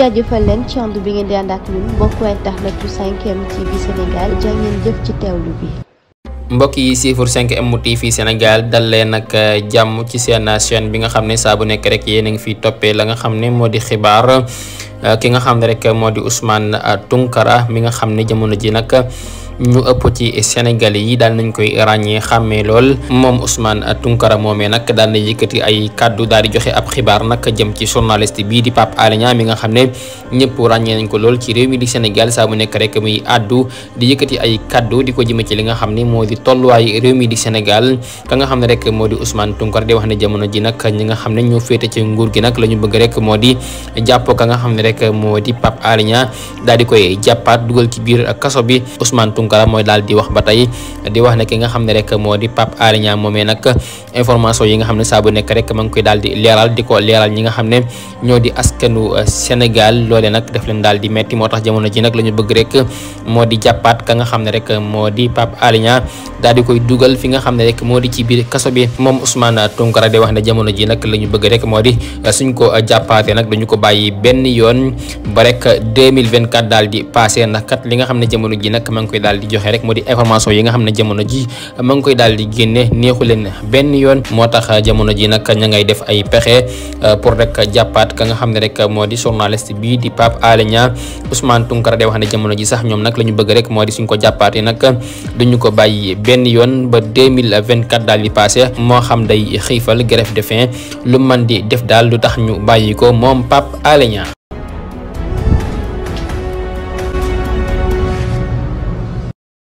jaajëfal leen ci ànd bi ngeen di ànd ak ñun mbokku internet bu 5M TV jaa ngeen jëf ci teewlu bi. mbokk yi siifur 5M TV Sénégal dal leen nag euh, jàmm ci seen euh, bi nga xam ne saa bu nekk rek yéen a ngi fiy toppee la nga xam ne moo di xibaar. Euh, ki nga xam ne rek moo di Ousmane Tounkara mi nga xam ne jamono ji nag ñu ëpp ci sénégalais yi daal nañ koy ràññee xàmmee lool moom Ousmane Tounkara moomee nag daal na yëkkati ay kàddu daal di joxe ab xibaar nag jëm ci journaliste bii di Pape Alé mi nga xam ne ñëpp ràññee nañ ko lool ci réew mi di Sénégal saa mu nekk rek muy àddu di yëkkati ay kàddu di ko jëme ci li nga xam ni moo di tolluwaay réew mi di Sénégal ka nga xam ne rek moo di Ousmane Tounkara di wax ne jamono ji nag ñi nga xam ne ñoo féete ci nguur gi nag lañu bëgg rek moo di jàppoo ka nga xam ne rek moo di Pape Alé dal di koy jàppaat dugal ci biir kaso bi Ousmane Tounkara Tounkara mooy daal di yi nga xam ne saa bu nekk ko leeral ñi nga xam ne ñoo di askanu euh, Sénégal loole nag def leen daal di metti moo tax jamono ji nag la ñu bëgg rek moo di jàppaat ka nga xam ne rek moo di Pape Alé Niang daal di koy dugal fi nga xam ne rek moo di ci biir kaso bi moom Ousmane Tounkara di wax ne jamono ji nag la ñu bëgg rek moo di euh, suñ ko euh, jàppaatee nag dañu ko ba rek 2024 daal di passé ndax kat li nga xam ne jamono ji nag ma ngi koy daal daal di joxe rek moo di information yi nga xam ne jamono ji ma ngi koy daal di génne neexu leen benn yoon moo tax jamono ji nag ña ngay def ay pexe euh, pour rek jàppaat ka nga xam ne rek moo di journaliste bii di Pape Alé Niang Ousmane Tounkara day wax ne jamono ji sax ñoom nag la ñu bëgg rek moo di suñ ko jàppaatee nag duñu ko bàyyi benn yoon ba mille vingt 2024 daal di passé moo xam day xiifal grève de faim lu man di def daal lu tax ñu bàyyi ko moom pap Alé